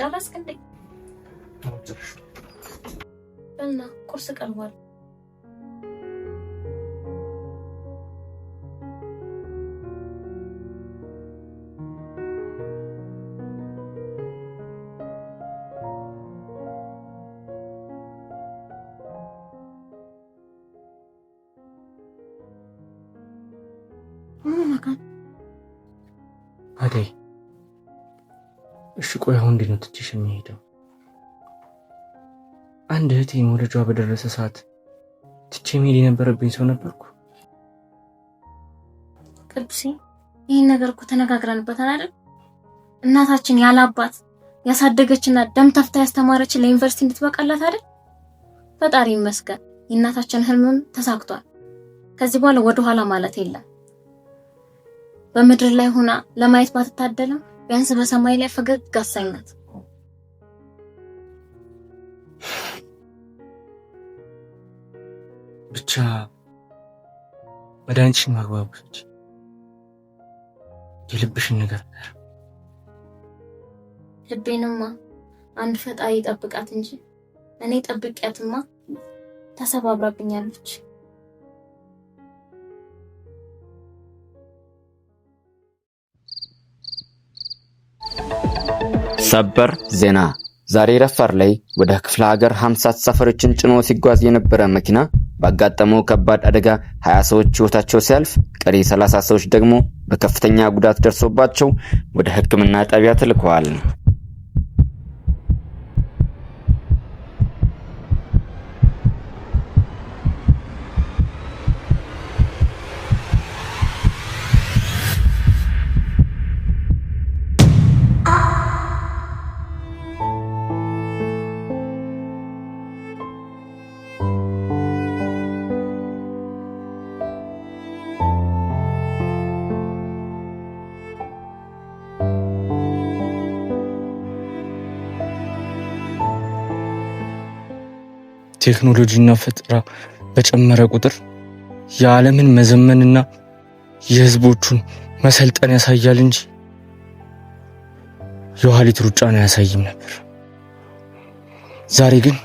ጨረስክ እንዴ? በልና ቁርስ ቀርቧል። ምን እሺ ቆይ አሁን እንዴት ነው ትችሽ የሚሄደው? አንድ እህቴ መውለጇ በደረሰ ሰዓት ትቼ መሄድ የነበረብኝ ሰው ነበርኩ። ቅዱሴ ይህን ነገር እኮ ተነጋግረንበታል አይደል? እናታችን ያለ አባት ያሳደገችና ደም ተፍታ ያስተማረችን ለዩኒቨርሲቲ እንድትበቃላት አይደል? ፈጣሪ ይመስገን የእናታችን ህልምም ተሳክቷል። ከዚህ በኋላ ወደኋላ ማለት የለም። በምድር ላይ ሆና ለማየት ባትታደልም ቢያንስ በሰማይ ላይ ፈገግ አሰኛት። ብቻ ወደ አንቺን ማግባቦች የልብሽን ነገር ልቤንማ አንድ ፈጣሪ ጠብቃት እንጂ እኔ ጠብቂያትማ ተሰባብራብኛለች። ሰበር ዜና ዛሬ ረፋር ላይ ወደ ክፍለ ሀገር 50 ተሳፋሪዎችን ጭኖ ሲጓዝ የነበረ መኪና ባጋጠመው ከባድ አደጋ 20 ሰዎች ህይወታቸው ሲያልፍ ቀሪ 30 ሰዎች ደግሞ በከፍተኛ ጉዳት ደርሶባቸው ወደ ሕክምና ጣቢያ ተልከዋል። ቴክኖሎጂና ፈጠራ በጨመረ ቁጥር የዓለምን መዘመንና የህዝቦቹን መሰልጠን ያሳያል እንጂ የኋሊት ሩጫን አያሳይም ነበር። ዛሬ ግን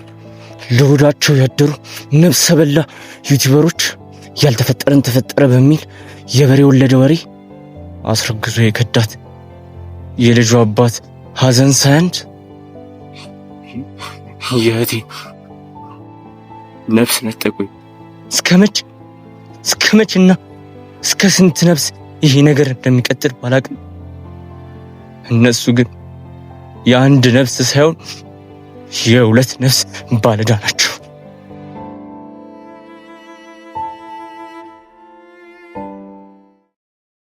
ለሆዳቸው ያደሩ ነፍሰ በላ ዩቲዩበሮች ያልተፈጠረን ተፈጠረ በሚል የበሬ ወለደ ወሬ አስረግዞ የከዳት የልጁ አባት ሐዘን ሳያንድ የእህቴ ነፍስ ነጠቁኝ። እስከ መች እስከ እስከ ስንት ነፍስ ይሄ ነገር እንደሚቀጥል ባላቅም፣ እነሱ ግን የአንድ ነፍስ ሳይሆን የሁለት ነፍስ ባለዳ ናቸው።